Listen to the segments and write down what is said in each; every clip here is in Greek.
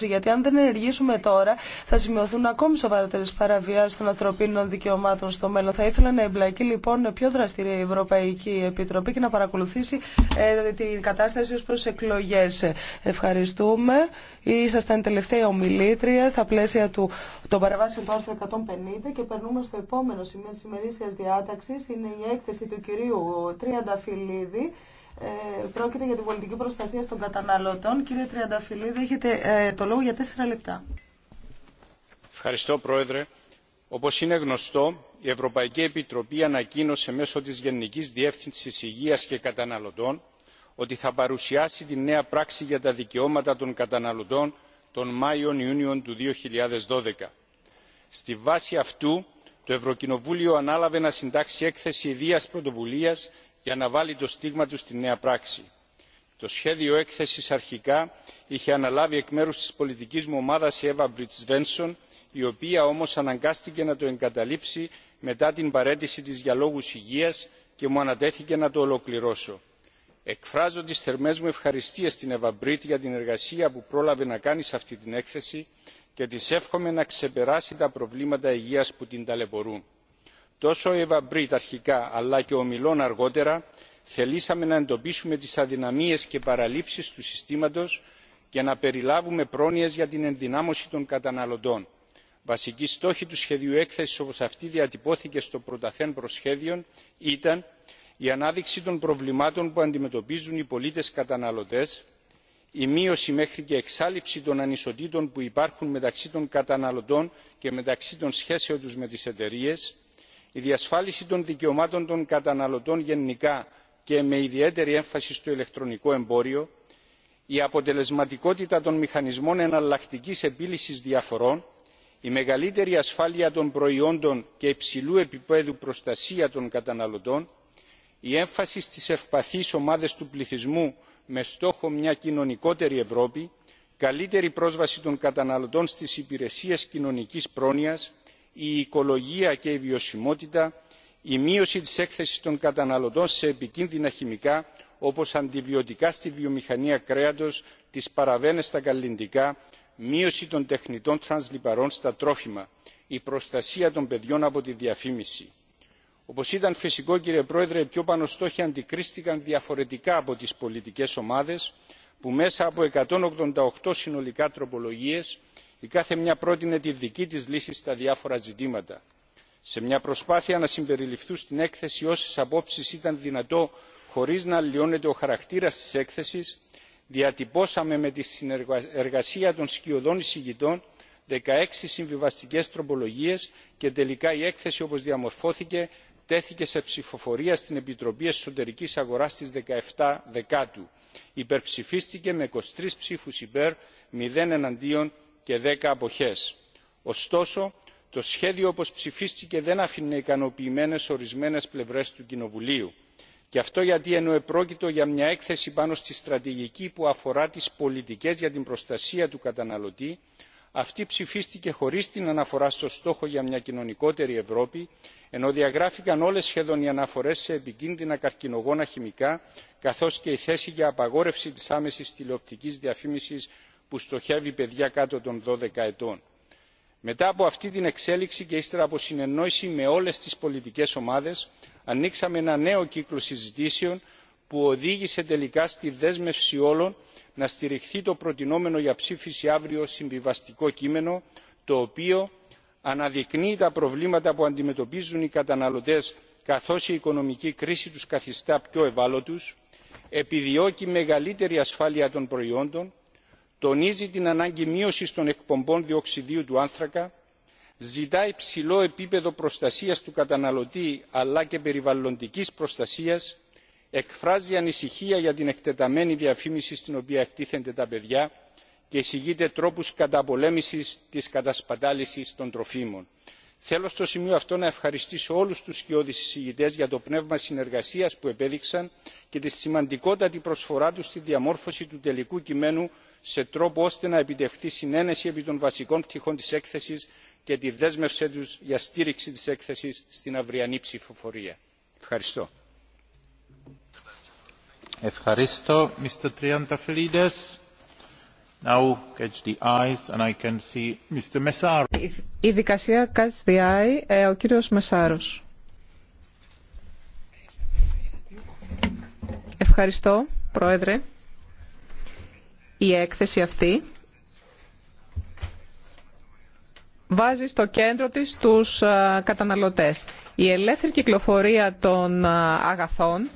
γιατί αν δεν ενεργήσουμε τώρα θα σημειωθούν ακόμη σοβαρότερε παραβιάσει των ανθρωπίνων δικαιωμάτων στο μέλλον. Θα ήθελα να εμπλακεί λοιπόν πιο δραστηρία η Ευρωπαϊκή Επιτροπή και να παρακολουθήσει ε, την κατάσταση ω προ εκλογέ. Ευχαριστούμε. Ήσασταν τελευταία ομιλήτρια στα πλαίσια του, των παρεμβάσεων του άρθρου 150 και περνούμε στο επόμενο σημείο τη ημερήσια διάταξη. Είναι η έκθεση του κυρίου Φιλίδη. Ε, πρόκειται για την πολιτική προστασία των καταναλωτών. Κύριε Τριανταφυλλίδη, έχετε ε, το λόγο για τέσσερα λεπτά. Ευχαριστώ, Πρόεδρε. Όπως είναι γνωστό, η Ευρωπαϊκή Επιτροπή ανακοίνωσε μέσω της Γενικής Διεύθυνσης Υγείας και Καταναλωτών ότι θα παρουσιάσει την νέα πράξη για τα δικαιώματα των καταναλωτών τον Μάιο-Ιούνιο του 2012. Στη βάση αυτού, το Ευρωκοινοβούλιο ανάλαβε να συντάξει έκθεση ιδίας πρωτοβουλίας για να βάλει το στίγμα του στη νέα πράξη. το σχέδιο έκθεσης αρχικά είχε αναλάβει εκ μέρους της πολιτικής μου ομάδας η εύα Βενσον, η οποία όμως αναγκάστηκε να το εγκαταλείψει μετά την παραίτηση της για λόγους υγείας και μου ανατέθηκε να το ολοκληρώσω. εκφράζω τις θερμές μου ευχαριστίες στην εύα Μπρίτ για την εργασία που πρόλαβε να κάνει σε αυτή την έκθεση και της εύχομαι να ξεπεράσει τα προβλήματα υγείας που την ταλαιπωρούν τόσο η eva αρχικά αλλά και ο μιλών αργότερα θελήσαμε να εντοπίσουμε τις αδυναμίες και παραλήψεις του συστήματος και να περιλάβουμε πρόνοιες για την ενδυνάμωση των καταναλωτών. βασική στόχη του σχεδίου έκθεσης όπως αυτή διατυπώθηκε στο πρωταθέν προσχέδιο ήταν η ανάδειξη των προβλημάτων που αντιμετωπίζουν οι πολίτες καταναλωτές η μείωση μέχρι και εξάλληψη των ανισοτήτων που υπάρχουν μεταξύ των καταναλωτών και μεταξύ των σχέσεων τους με τι εταιρείε, η διασφάλιση των δικαιωμάτων των καταναλωτών γενικά και με ιδιαίτερη έμφαση στο ηλεκτρονικό εμπόριο η αποτελεσματικότητα των μηχανισμών εναλλακτική επίλυση διαφορών η μεγαλύτερη ασφάλεια των προϊόντων και υψηλού επίπεδου προστασία των καταναλωτών η έμφαση στις ευπαθείς ομάδε του πληθυσμού με στόχο μια κοινωνικότερη ευρώπη καλύτερη πρόσβαση των καταναλωτών στις υπηρεσίες κοινωνικής πρόνοιας η οικολογία και η βιωσιμότητα η μείωση της έκθεσης των καταναλωτών σε επικίνδυνα χημικά όπως αντιβιωτικά στη βιομηχανία κρέατος τις παραβένες στα καλλιντικά μείωση των τεχνητών τρανσλιπαρών στα τρόφιμα η προστασία των παιδιών από τη διαφήμιση. όπως ήταν φυσικό κύριε πρόεδρε οι πιο πάνω στόχοι αντικρίστηκαν διαφορετικά από τις πολιτικές ομάδες που μέσα από 188 συνολικά τροπολογίες η κάθε μια πρότεινε τη δική της λύση στα διάφορα ζητήματα. σε μια προσπάθεια να συμπεριληφθούν στην έκθεση όσες απόψεις ήταν δυνατό χωρίς να αλλοιώνεται ο χαρακτήρας της έκθεσης διατυπώσαμε με τη συνεργασία των σκιωδών εισηγητών 16 συμβιβαστικές τροπολογίες και τελικά η έκθεση όπως διαμορφώθηκε τέθηκε σε ψηφοφορία στην επιτροπή εσωτερικής αγοράς στις 17 δεκάτου. υπερψηφίστηκε με 23 ψήφους υπέρ 0 εναντίον και δέκα αποχές. ωστόσο το σχέδιο όπως ψηφίστηκε δεν άφηνε ικανοποιημένες ορισμένες πλευρές του κοινοβουλίου και αυτό γιατί ενώ επρόκειτο για μια έκθεση πάνω στη στρατηγική που αφορά τις πολιτικές για την προστασία του καταναλωτή αυτή ψηφίστηκε χωρίς την αναφορά στο στόχο για μια κοινωνικότερη ευρώπη ενώ διαγράφηκαν όλες σχεδόν οι αναφορές σε επικίνδυνα καρκινογόνα χημικά καθώς και η θέση για απαγόρευση της άμεσης τηλεοπτικής διαφήμισης που στοχεύει παιδιά κάτω των 12 ετών. Μετά από αυτή την εξέλιξη και ύστερα από συνεννόηση με όλες τις πολιτικές ομάδες, ανοίξαμε ένα νέο κύκλο συζητήσεων που οδήγησε τελικά στη δέσμευση όλων να στηριχθεί το προτινόμενο για ψήφιση αύριο συμβιβαστικό κείμενο, το οποίο αναδεικνύει τα προβλήματα που αντιμετωπίζουν οι καταναλωτές καθώς η οικονομική κρίση τους καθιστά πιο ευάλωτους, επιδιώκει μεγαλύτερη ασφάλεια των προϊόντων, τονίζει την ανάγκη μείωσης των εκπομπών διοξιδίου του άνθρακα ζητά υψηλό επίπεδο προστασία του καταναλωτή αλλά και περιβαλλοντικής προστασίας εκφράζει ανησυχία για την εκτεταμένη διαφήμιση στην οποία εκτίθενται τα παιδιά και εισηγείται τρόπους καταπολέμησης της κατασπατάληση των τροφίμων θέλω στο σημείο αυτό να ευχαριστήσω όλους τους σκιώδεις εισηγητές για το πνεύμα συνεργασίας που επέδειξαν και τη σημαντικότατη προσφορά τους στη διαμόρφωση του τελικού κειμένου σε τρόπο ώστε να επιτευχθεί συνένεση επί των βασικών πτυχών της έκθεσης και τη δέσμευσή τους για στήριξη της έκθεσης στην αυριανή ψηφοφορία. ευχαριστώ. Η δικασία catch the ε, ο κύριος Μεσάρος. Ευχαριστώ, Πρόεδρε. Η έκθεση αυτή βάζει στο κέντρο της τους ε, καταναλωτές. Η ελεύθερη κυκλοφορία των ε, αγαθών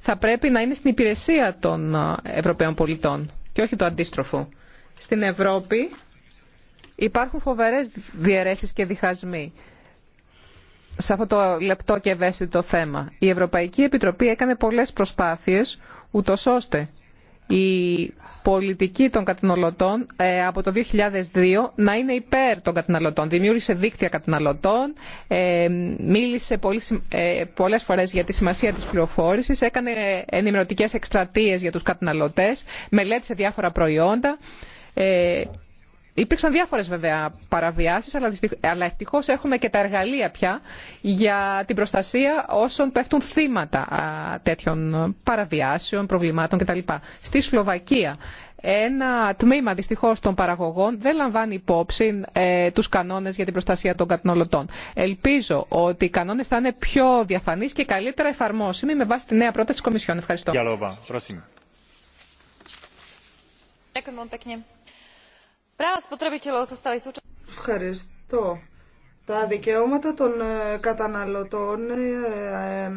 θα πρέπει να είναι στην υπηρεσία των Ευρωπαίων πολιτών και όχι το αντίστροφο στην Ευρώπη υπάρχουν φοβερές διαιρέσεις και διχασμοί σε αυτό το λεπτό και ευαίσθητο θέμα. Η Ευρωπαϊκή Επιτροπή έκανε πολλές προσπάθειες ούτω ώστε η πολιτική των καταναλωτών ε, από το 2002 να είναι υπέρ των καταναλωτών. Δημιούργησε δίκτυα καταναλωτών, ε, μίλησε ε, πολλές φορές για τη σημασία της πληροφόρησης, έκανε ενημερωτικές εκστρατείες για τους καταναλωτές, μελέτησε διάφορα προϊόντα. Ε, υπήρξαν διάφορες βέβαια παραβιάσεις, αλλά, αλλά έχουμε και τα εργαλεία πια για την προστασία όσων πέφτουν θύματα τέτοιων παραβιάσεων, προβλημάτων κτλ. Στη Σλοβακία ένα τμήμα δυστυχώς των παραγωγών δεν λαμβάνει υπόψη ε, τους κανόνες για την προστασία των καταναλωτών. Ελπίζω ότι οι κανόνες θα είναι πιο διαφανείς και καλύτερα εφαρμόσιμοι με βάση τη νέα πρόταση της Κομισιόν. Ευχαριστώ. Ευχαριστώ. Τα δικαιώματα των ε, καταναλωτών ε,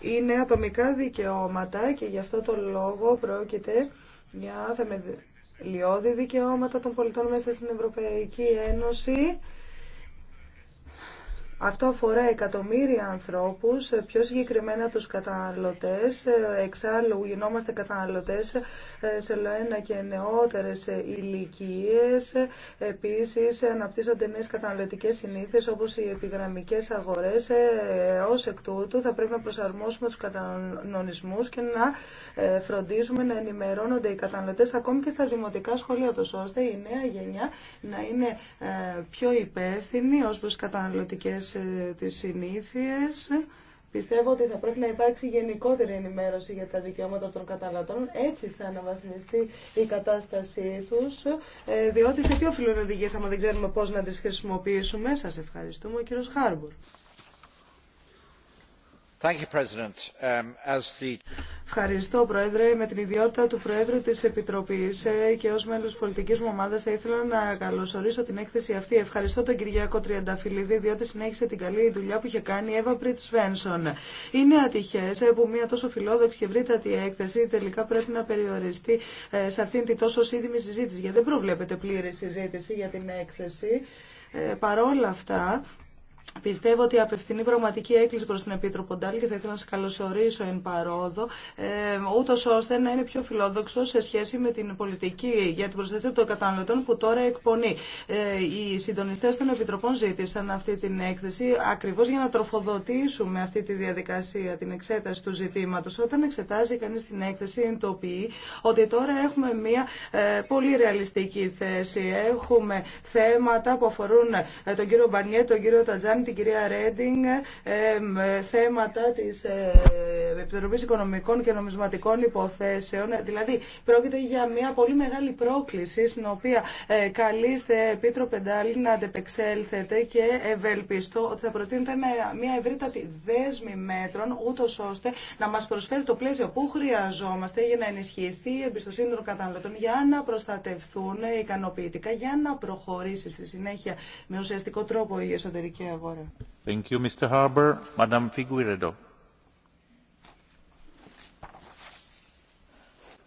είναι ατομικά δικαιώματα και γι' αυτό το λόγο πρόκειται για θεμελιώδη δικαιώματα των πολιτών μέσα στην Ευρωπαϊκή Ένωση. Αυτό αφορά εκατομμύρια ανθρώπους, ε, πιο συγκεκριμένα τους καταναλωτές. Εξάλλου γινόμαστε καταναλωτές σε ένα και νεότερες ηλικίε. Επίσης αναπτύσσονται νέες καταναλωτικές συνήθειες όπως οι επιγραμμικές αγορές. Ε, ως εκ τούτου θα πρέπει να προσαρμόσουμε τους κατανονισμούς και να ε, φροντίσουμε να ενημερώνονται οι καταναλωτές ακόμη και στα δημοτικά σχολεία τους ώστε η νέα γενιά να είναι ε, πιο υπεύθυνη ως προς καταναλωτικές τις συνήθειες. Πιστεύω ότι θα πρέπει να υπάρξει γενικότερη ενημέρωση για τα δικαιώματα των καταναλωτών. Έτσι θα αναβαθμιστεί η κατάστασή του, ε, διότι σε τι οφείλουν οδηγίε άμα δεν ξέρουμε πώ να τι χρησιμοποιήσουμε. Σα ευχαριστούμε, ο κύριο Χάρμπορ. Um, Ευχαριστώ, Πρόεδρε. Με την ιδιότητα του Προέδρου της Επιτροπής ε, και ως μέλος πολιτικής μου ομάδας θα ήθελα να καλωσορίσω την έκθεση αυτή. Ευχαριστώ τον Κυριακό Τριανταφυλλίδη, διότι συνέχισε την καλή δουλειά που είχε κάνει η Εύα Πριτ Σβένσον. Είναι ατυχές ε, που μια τόσο φιλόδοξη και ευρύτατη έκθεση τελικά πρέπει να περιοριστεί ε, σε αυτήν την τόσο σύντομη συζήτηση, γιατί δεν προβλέπεται πλήρη συζήτηση για την έκθεση. Ε, παρόλα αυτά, Πιστεύω ότι απευθυνεί πραγματική έκκληση προ την Επίτροπο Ντάλ και θα ήθελα να σα καλωσορίσω εν παρόδο, ε, ούτως ώστε να είναι πιο φιλόδοξο σε σχέση με την πολιτική για την προστασία των καταναλωτών που τώρα εκπονεί. Ε, οι συντονιστέ των Επιτροπών ζήτησαν αυτή την έκθεση Ακριβώ για να τροφοδοτήσουμε αυτή τη διαδικασία, την εξέταση του ζητήματο. Όταν εξετάζει κανεί την έκθεση, εντοπεί ότι τώρα έχουμε μια ε, πολύ ρεαλιστική θέση. Έχουμε θέματα που αφορούν ε, τον κύριο Μπαρνιέ, τον κύριο κάνει την κυρία Ρέντινγκ ε, θέματα της ε, Επιτροπή Οικονομικών και Νομισματικών Υποθέσεων. Δηλαδή, πρόκειται για μια πολύ μεγάλη πρόκληση στην οποία ε, καλείστε, Επίτροπε Ντάλη, να αντεπεξέλθετε και ευελπιστώ ότι θα προτείνετε μια ευρύτατη δέσμη μέτρων, ούτω ώστε να μα προσφέρει το πλαίσιο που χρειαζόμαστε για να ενισχυθεί η εμπιστοσύνη των καταναλωτών, για να προστατευθούν ικανοποιητικά, για να προχωρήσει στη συνέχεια με ουσιαστικό τρόπο η εσωτερική αγορά. Thank you, Mr. Harbour. Madame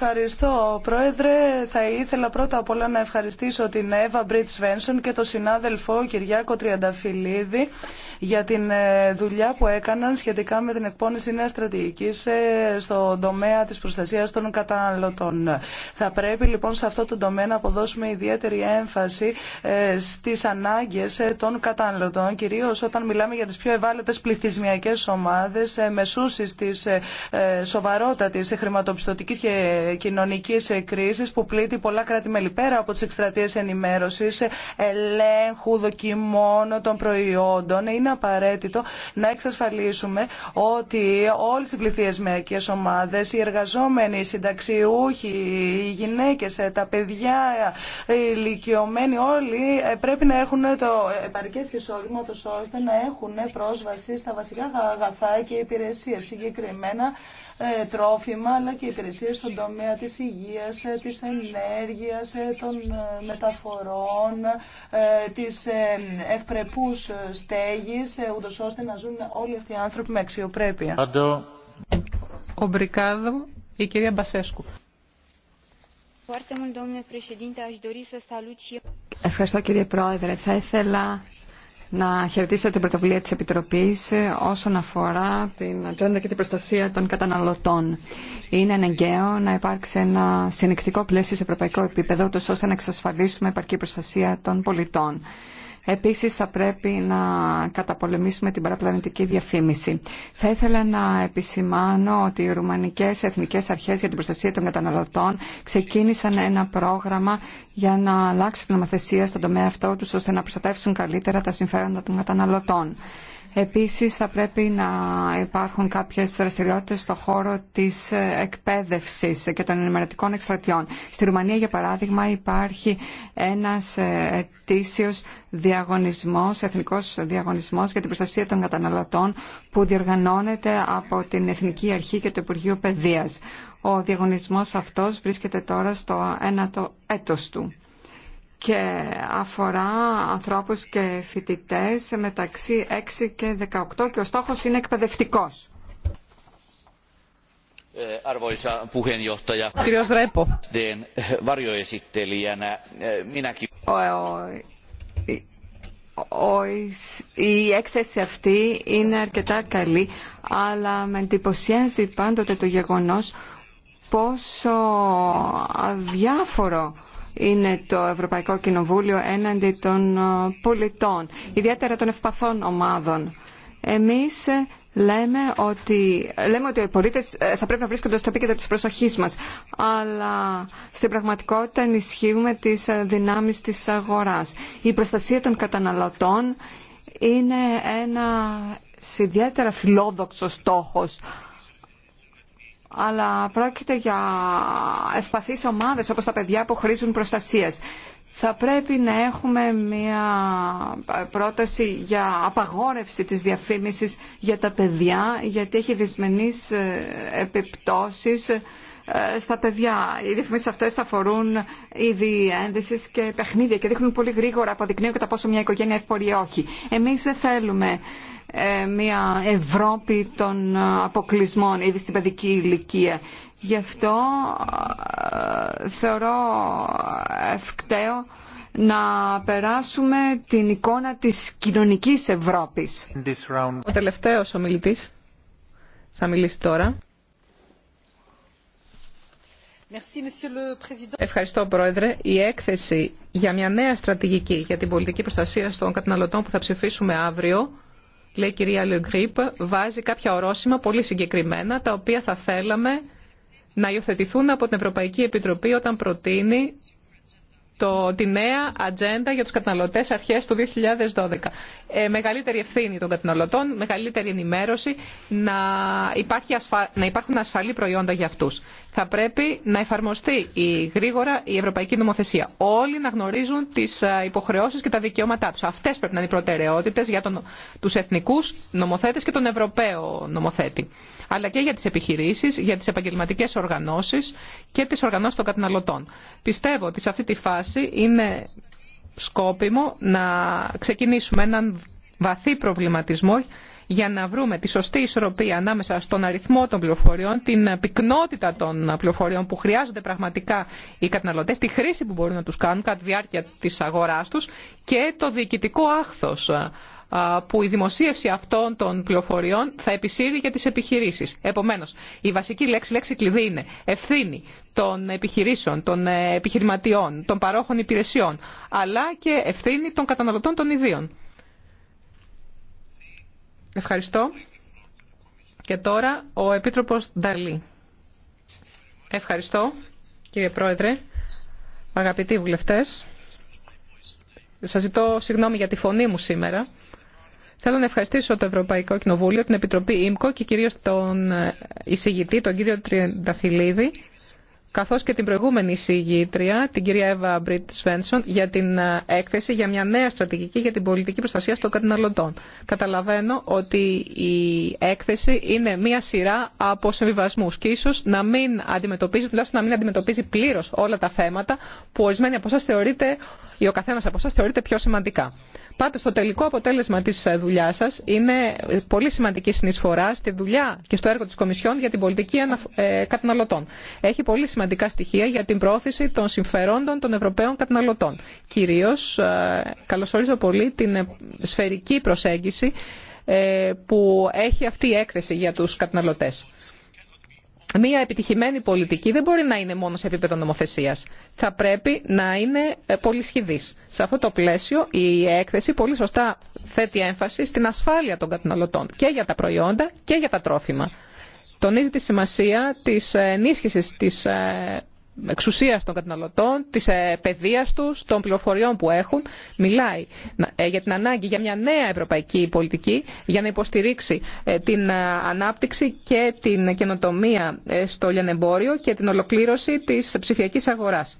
Ευχαριστώ, Πρόεδρε. Θα ήθελα πρώτα απ' όλα να ευχαριστήσω την Εύα Μπριτ Σβένσον και τον συνάδελφο Κυριάκο Τριανταφυλλίδη για την ε, δουλειά που έκαναν σχετικά με την εκπόνηση νέα στρατηγική ε, στον τομέα τη προστασία των καταναλωτών. Θα πρέπει λοιπόν σε αυτό το τομέα να αποδώσουμε ιδιαίτερη έμφαση ε, στι ανάγκε των καταναλωτών, κυρίω όταν μιλάμε για τι πιο ευάλωτε πληθυσμιακέ ομάδε μεσούσει τη σοβαρότατη χρηματοπιστωτική και κοινωνική κρίση που πλήττει πολλά κράτη-μέλη. Πέρα από τι εκστρατείε ενημέρωση ελέγχου, δοκιμών των προϊόντων, είναι απαραίτητο να εξασφαλίσουμε ότι όλε οι πληθυσμιακέ ομάδε, οι εργαζόμενοι, οι συνταξιούχοι, οι γυναίκε, τα παιδιά, οι ηλικιωμένοι, όλοι πρέπει να έχουν το επαρκές εισόδημα ώστε να έχουν πρόσβαση στα βασικά αγαθά και υπηρεσίε, συγκεκριμένα ε, τρόφιμα αλλά και υπηρεσίε στον τομέα τομέα της υγείας, ε, της ενέργειας, ε, των ε, μεταφορών, της ευπρεπούς στέγης, ούτως ώστε να ζουν όλοι αυτοί οι άνθρωποι με αξιοπρέπεια. Ο Μπρικάδο, η κυρία Μπασέσκου. Ευχαριστώ κύριε Πρόεδρε. Θα ήθελα να χαιρετήσω την πρωτοβουλία της Επιτροπής ε, όσον αφορά την ατζέντα και την προστασία των καταναλωτών. Είναι αναγκαίο να υπάρξει ένα συνεκτικό πλαίσιο σε ευρωπαϊκό επίπεδο, ώστε να εξασφαλίσουμε επαρκή προστασία των πολιτών. Επίσης θα πρέπει να καταπολεμήσουμε την παραπλανητική διαφήμιση. Θα ήθελα να επισημάνω ότι οι Ρουμανικές Εθνικές Αρχές για την Προστασία των Καταναλωτών ξεκίνησαν ένα πρόγραμμα για να αλλάξουν την νομοθεσία στον τομέα αυτό τους ώστε να προστατεύσουν καλύτερα τα συμφέροντα των καταναλωτών. Επίσης θα πρέπει να υπάρχουν κάποιες δραστηριότητες στο χώρο της εκπαίδευσης και των ενημερωτικών εκστρατιών. Στη Ρουμανία για παράδειγμα υπάρχει ένας ετήσιος διαγωνισμός, εθνικός διαγωνισμός για την προστασία των καταναλωτών που διοργανώνεται από την Εθνική Αρχή και το Υπουργείο Παιδείας. Ο διαγωνισμός αυτός βρίσκεται τώρα στο ένατο έτος του και αφορά ανθρώπους και φοιτητές μεταξύ 6 και 18 και ο στόχος είναι εκπαιδευτικός. Ε, η έκθεση αυτή είναι αρκετά καλή, αλλά με εντυπωσιάζει πάντοτε το γεγονός πόσο αδιάφορο είναι το Ευρωπαϊκό Κοινοβούλιο έναντι των ε, πολιτών, ιδιαίτερα των ευπαθών ομάδων. Εμείς ε, λέμε ότι, λέμε ότι οι πολίτες ε, θα πρέπει να βρίσκονται στο επίκεντρο της προσοχής μας, αλλά στην πραγματικότητα ενισχύουμε τις δυνάμεις της αγοράς. Η προστασία των καταναλωτών είναι ένα ιδιαίτερα φιλόδοξο στόχος αλλά πρόκειται για ευπαθείς ομάδες όπως τα παιδιά που χρήζουν προστασίας. Θα πρέπει να έχουμε μια πρόταση για απαγόρευση της διαφήμισης για τα παιδιά γιατί έχει δυσμενείς ε, επιπτώσεις ε, στα παιδιά. Οι διαφημίσεις αυτές αφορούν ήδη ένδυσης και παιχνίδια και δείχνουν πολύ γρήγορα, αποδεικνύουν κατά πόσο μια οικογένεια εύπορη ή όχι. Εμείς δεν θέλουμε ε, μια Ευρώπη των ε, αποκλεισμών ήδη στην παιδική ηλικία. Γι' αυτό ε, θεωρώ ευκταίο να περάσουμε την εικόνα της κοινωνικής Ευρώπης. Ο τελευταίος ομιλητής θα μιλήσει τώρα. Ευχαριστώ, Πρόεδρε. Η έκθεση για μια νέα στρατηγική για την πολιτική προστασία των καταναλωτών που θα ψηφίσουμε αύριο λέει η κυρία Λεγκρίπ, βάζει κάποια ορόσημα πολύ συγκεκριμένα, τα οποία θα θέλαμε να υιοθετηθούν από την Ευρωπαϊκή Επιτροπή όταν προτείνει το, τη νέα ατζέντα για τους καταναλωτές αρχές του 2012. Ε, μεγαλύτερη ευθύνη των καταναλωτών, μεγαλύτερη ενημέρωση, να, να υπάρχουν ασφαλή προϊόντα για αυτούς θα πρέπει να εφαρμοστεί η, γρήγορα η ευρωπαϊκή νομοθεσία. Όλοι να γνωρίζουν τι υποχρεώσει και τα δικαιώματά του. Αυτέ πρέπει να είναι οι προτεραιότητε για του εθνικού νομοθέτε και τον Ευρωπαίο νομοθέτη. Αλλά και για τι επιχειρήσει, για τι επαγγελματικέ οργανώσει και τι οργανώσει των καταναλωτών. Πιστεύω ότι σε αυτή τη φάση είναι σκόπιμο να ξεκινήσουμε έναν βαθύ προβληματισμό για να βρούμε τη σωστή ισορροπία ανάμεσα στον αριθμό των πληροφοριών, την πυκνότητα των πληροφοριών που χρειάζονται πραγματικά οι καταναλωτέ, τη χρήση που μπορούν να του κάνουν κατά τη διάρκεια τη αγορά του και το διοικητικό άχθο που η δημοσίευση αυτών των πληροφοριών θα επισύρει για τις επιχειρήσεις. Επομένως, η βασική λέξη, λέξη κλειδί είναι ευθύνη των επιχειρήσεων, των ε, επιχειρηματιών, των παρόχων υπηρεσιών, αλλά και ευθύνη των καταναλωτών των ιδίων. Ευχαριστώ. Και τώρα ο Επίτροπος Νταλή. Ευχαριστώ, κύριε Πρόεδρε, αγαπητοί βουλευτές. Σας ζητώ συγγνώμη για τη φωνή μου σήμερα. Θέλω να ευχαριστήσω το Ευρωπαϊκό Κοινοβούλιο, την Επιτροπή ΙΜΚΟ και κυρίως τον εισηγητή, τον κύριο Τριανταφυλλίδη, καθώς και την προηγούμενη εισηγήτρια, την κυρία Εύα Μπριτ Σβένσον, για την ε, έκθεση για μια νέα στρατηγική για την πολιτική προστασία των καταναλωτών. Καταλαβαίνω ότι η έκθεση είναι μια σειρά από συμβιβασμού και ίσω να μην αντιμετωπίζει, τουλάχιστον να μην αντιμετωπίζει πλήρω όλα τα θέματα που ορισμένοι από εσά θεωρείτε, ή ο καθένα από εσά θεωρείται πιο σημαντικά. Πάντω, το τελικό αποτέλεσμα τη ε, δουλειά σα είναι πολύ σημαντική συνεισφορά στη δουλειά και στο έργο τη Κομισιόν για την πολιτική ε, καταναλωτών. Έχει πολύ σημαντική σημαντικά στοιχεία για την πρόθεση των συμφερόντων των Ευρωπαίων καταναλωτών. Κυρίως, ε, καλωσορίζω πολύ την ε, σφαιρική προσέγγιση ε, που έχει αυτή η έκθεση για τους καταναλωτές. Μία επιτυχημένη πολιτική δεν μπορεί να είναι μόνο σε επίπεδο νομοθεσία. Θα πρέπει να είναι πολυσχηδή. Σε αυτό το πλαίσιο, η έκθεση πολύ σωστά θέτει έμφαση στην ασφάλεια των καταναλωτών και για τα προϊόντα και για τα τρόφιμα. Τονίζει τη σημασία της ενίσχυσης της ε, εξουσίας των καταναλωτών, της ε, παιδείας τους, των πληροφοριών που έχουν. Μιλάει ε, για την ανάγκη για μια νέα ευρωπαϊκή πολιτική για να υποστηρίξει την ανάπτυξη και την καινοτομία στο λιανεμπόριο και την ολοκλήρωση της ψηφιακής αγοράς.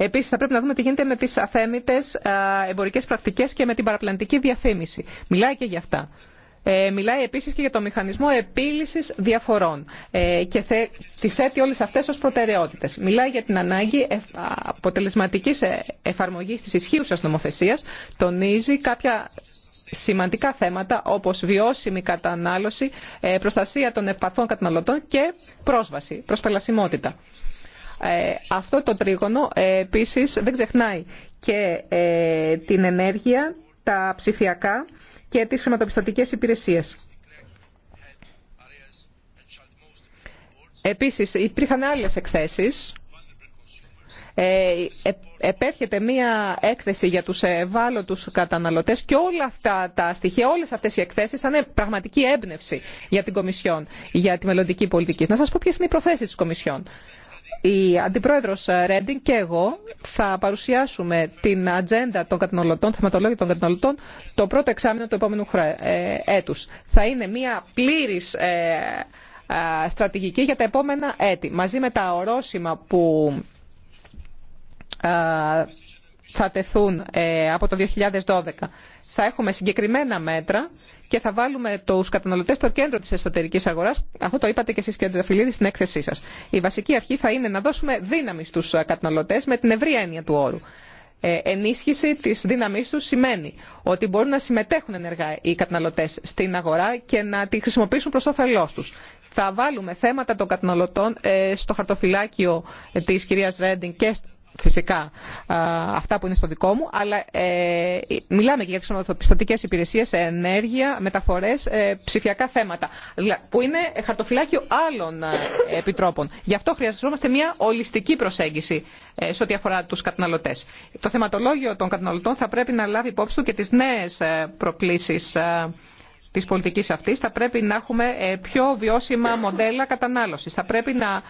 Επίσης, θα πρέπει να δούμε τι γίνεται με τις αθέμητες εμπορικές πρακτικές και με την παραπλανητική διαφήμιση. Μιλάει και για αυτά. Ε, μιλάει επίσης και για το μηχανισμό επίλυσης διαφορών ε, και τις θέτει όλες αυτές ως προτεραιότητες. Μιλάει για την ανάγκη αποτελεσματικής ε, εφαρμογής της ισχύουσας νομοθεσίας, τονίζει κάποια σημαντικά θέματα όπως βιώσιμη κατανάλωση, προστασία των επαθών καταναλωτών και πρόσβαση, προσπελασιμότητα. Αυτό το τρίγωνο επίσης δεν ξεχνάει και την ενέργεια, τα ψηφιακά και τις χρηματοπιστωτικές υπηρεσίες. Επίσης υπήρχαν άλλες εκθέσεις. Ε, ε, επέρχεται μία έκθεση για τους ευάλωτους καταναλωτές και όλα αυτά τα στοιχεία, όλες αυτές οι εκθέσεις θα είναι πραγματική έμπνευση για την Κομισιόν, για τη μελλοντική πολιτική. Να σας πω ποιες είναι οι προθέσεις της Κομισιόν η Αντιπρόεδρος Ρέντινγκ και εγώ θα παρουσιάσουμε την ατζέντα των καταναλωτών, θεματολόγια των καταναλωτών, το πρώτο εξάμεινο του επόμενου ε, έτους. Θα είναι μια πλήρης ε, ε, στρατηγική για τα επόμενα έτη. Μαζί με τα ορόσημα που θα τεθούν από το 2012 θα έχουμε συγκεκριμένα μέτρα και θα βάλουμε του καταναλωτέ στο κέντρο τη εσωτερική αγορά. Αυτό το είπατε και εσεί, κ. Τραφιλίδη, στην έκθεσή σα. Η βασική αρχή θα είναι να δώσουμε δύναμη στου καταναλωτέ με την ευρία έννοια του όρου. Ε, ενίσχυση τη δύναμή του σημαίνει ότι μπορούν να συμμετέχουν ενεργά οι καταναλωτέ στην αγορά και να τη χρησιμοποιήσουν προ όφελό του. Θα βάλουμε θέματα των καταναλωτών ε, στο χαρτοφυλάκιο τη κυρία Ρέντινγκ και φυσικά αυτά που είναι στο δικό μου, αλλά ε, μιλάμε και για τις χρηματοπιστωτικές υπηρεσίες, ενέργεια, μεταφορές, ε, ψηφιακά θέματα, που είναι χαρτοφυλάκιο άλλων ε, επιτρόπων. Γι' αυτό χρειαζόμαστε μια ολιστική προσέγγιση σε ό,τι αφορά τους καταναλωτές. Το θεματολόγιο των καταναλωτών θα πρέπει να λάβει υπόψη του και τις νέες προκλήσεις της πολιτικής αυτής θα πρέπει να έχουμε ε, πιο βιώσιμα μοντέλα κατανάλωσης. Θα πρέπει να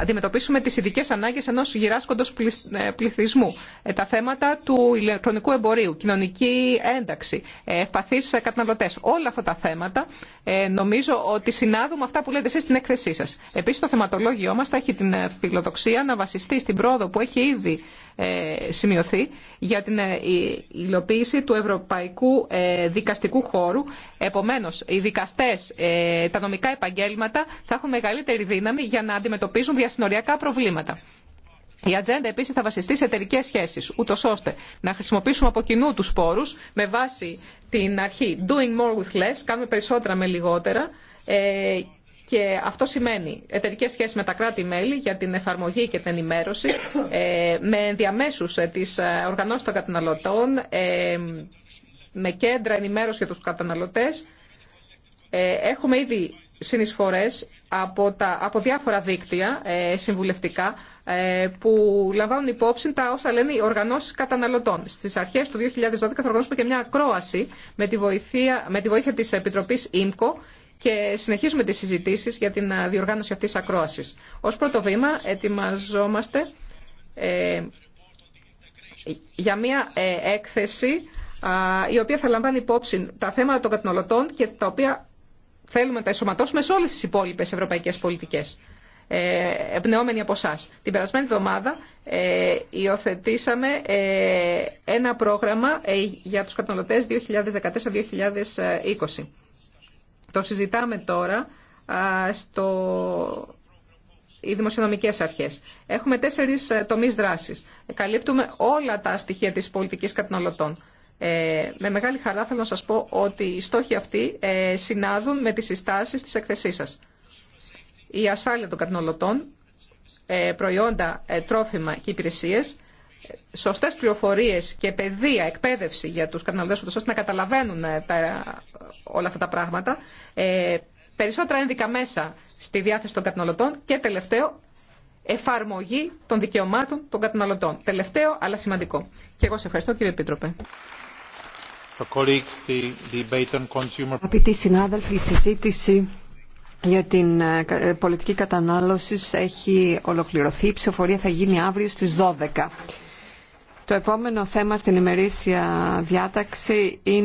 αντιμετωπίσουμε τις ειδικέ ανάγκες ενός γυράσκοντος ε, πληθυσμού. Ε, τα θέματα του ηλεκτρονικού εμπορίου, κοινωνική ένταξη, ευπαθείς καταναλωτές. Όλα αυτά τα θέματα νομίζω ότι συνάδουν αυτά που λέτε εσείς στην έκθεσή σας. Επίσης το θεματολόγιό μας θα έχει την φιλοδοξία να βασιστεί στην πρόοδο που έχει ήδη ε, σημειωθεί για την ε, υλοποίηση του ευρωπαϊκού ε, δικαστικού χώρου. Επομένως, οι δικαστές, τα νομικά επαγγέλματα θα έχουν μεγαλύτερη δύναμη για να αντιμετωπίζουν διασυνοριακά προβλήματα. Η ατζέντα επίση θα βασιστεί σε εταιρικέ σχέσει, ούτω ώστε να χρησιμοποιήσουμε από κοινού του πόρου με βάση την αρχή doing more with less, κάνουμε περισσότερα με λιγότερα και αυτό σημαίνει εταιρικέ σχέσεις με τα κράτη-μέλη για την εφαρμογή και την ενημέρωση ε, με διαμέσους ε, της ε, οργανώσεις των καταναλωτών, με κέντρα ενημέρωση για τους καταναλωτές. Έχουμε ήδη συνεισφορέ από, από διάφορα δίκτυα συμβουλευτικά που λαμβάνουν υπόψη τα όσα λένε οι οργανώσεις καταναλωτών. Στις αρχές του 2012 θα οργανώσουμε και μια ακρόαση με τη, βοηθεία, τη επιτροπή της ΙΜΚΟ και συνεχίζουμε τις συζητήσεις για την διοργάνωση αυτής της ακρόασης. Ως πρώτο βήμα ετοιμαζόμαστε ε, για μια ε, έκθεση η οποία θα λαμβάνει υπόψη τα θέματα των κατηνολωτών και τα οποία θέλουμε να τα εσωματώσουμε σε όλες τις υπόλοιπες ευρωπαϊκές πολιτικές. Ε, από εσά. Την περασμένη εβδομάδα ε, υιοθετήσαμε ε, ένα πρόγραμμα ε, για τους καταναλωτές 2014-2020. Το συζητάμε τώρα στο... οι δημοσιονομικές αρχές. Έχουμε τέσσερις ε, τομείς δράσης. Καλύπτουμε όλα τα στοιχεία της πολιτικής καταναλωτών. Ε, με μεγάλη χαρά θέλω να σας πω ότι οι στόχοι αυτοί ε, συνάδουν με τις συστάσεις της εκθεσής σας. Η ασφάλεια των καταναλωτών, ε, προϊόντα, τρόφιμα και υπηρεσίες σωστές πληροφορίες και παιδεία, εκπαίδευση για τους καταναλωτές ώστε να καταλαβαίνουν ε, όλα αυτά τα πράγματα, ε, περισσότερα ένδικα μέσα στη διάθεση των καταναλωτών και τελευταίο εφαρμογή των δικαιωμάτων των καταναλωτών. Τελευταίο αλλά σημαντικό. Και εγώ σε ευχαριστώ κύριε Επίτροπε. Αγαπητοί συνάδελφοι, η συζήτηση για την ε, ε, πολιτική κατανάλωση έχει ολοκληρωθεί. Η ψηφοφορία θα γίνει αύριο στις 12. Το επόμενο θέμα στην ημερήσια διάταξη είναι